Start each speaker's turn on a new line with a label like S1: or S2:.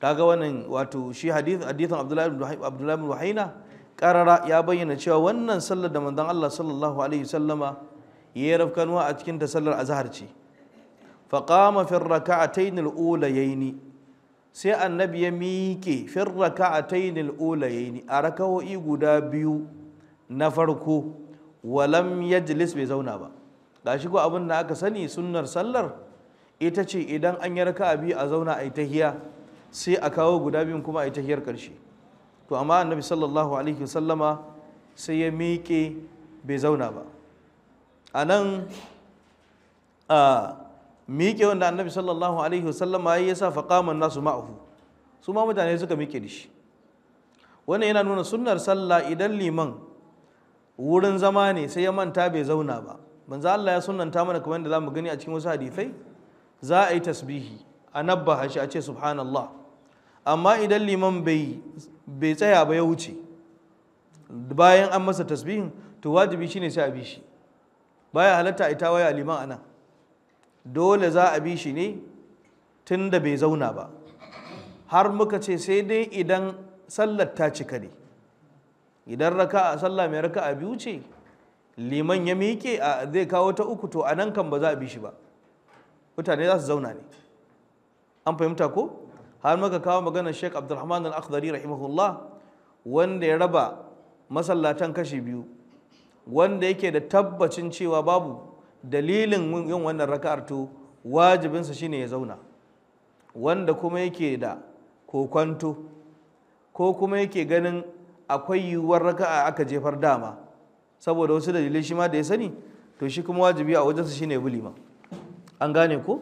S1: kaga wannan wato shi hadith hadithan Abdullahi Wahina karara ya bayyana cewa wannan sallar da manzon Allah sallallahu alaihi wasallama yayi rafkanuwa a cikin ta sallar azhar ce fa qama fi rak'atayn al-ulayayn sai annabi ya miƙe fi rak'atayn al-ulayayn a rakawo'i guda biyu na farko walam yajlis bai zauna ba gashi ko abin da aka sani sunnar sallar ita ce idan an yi raka'a biyu a zauna a yi tahiya sai a kawo guda biyun kuma a yi tahiyar ƙarshe to amma annabi sallallahu alaihi wasallama sai ya miƙe bai zauna ba a nan a miƙe wanda annabi sallallahu alaihi wasallama ya sa faƙaman nasu ma'ahu su ma mutane suka miƙe da shi wannan yana nuna sunnar sallah idan liman wurin zama ne sai ya manta bai zauna ba manzo Allah ya sunanta mana kamar yadda zamu gani a cikin wasu hadisai za a yi tasbihi a nabba shi a ce subhanallah amma idan liman bai tsaya ba ya wuce bayan an masa tasbihin to wajibi shine sai a bi shi baya halatta a ita waya liman anan dole za a bi shi ne tun da bai zauna ba har muka ce sai dai idan sallar ta cika ne idan raka a sallah mai raka a biyu ce liman ya miƙe a zai kawo ta uku to a nan kan ba za a bi shi ba mutane za su zauna ne an fahimta ko har muka kawo maganar Sheikh Abdulrahman Al-Akhdari rahimahullah wanda ya raba masallatan kashi biyu wanda yake da tabbacin cewa babu dalilin yin wannan raka'ar to wajibinsa shine ya zauna wanda kuma yake da kokwanto ko kuma yake ganin akwai yiwuwar raka'a aka jefar dama saboda wasu dalilai shi ma da ya sani to shi kuma wajibi a wajensa shine bulima an gane ko?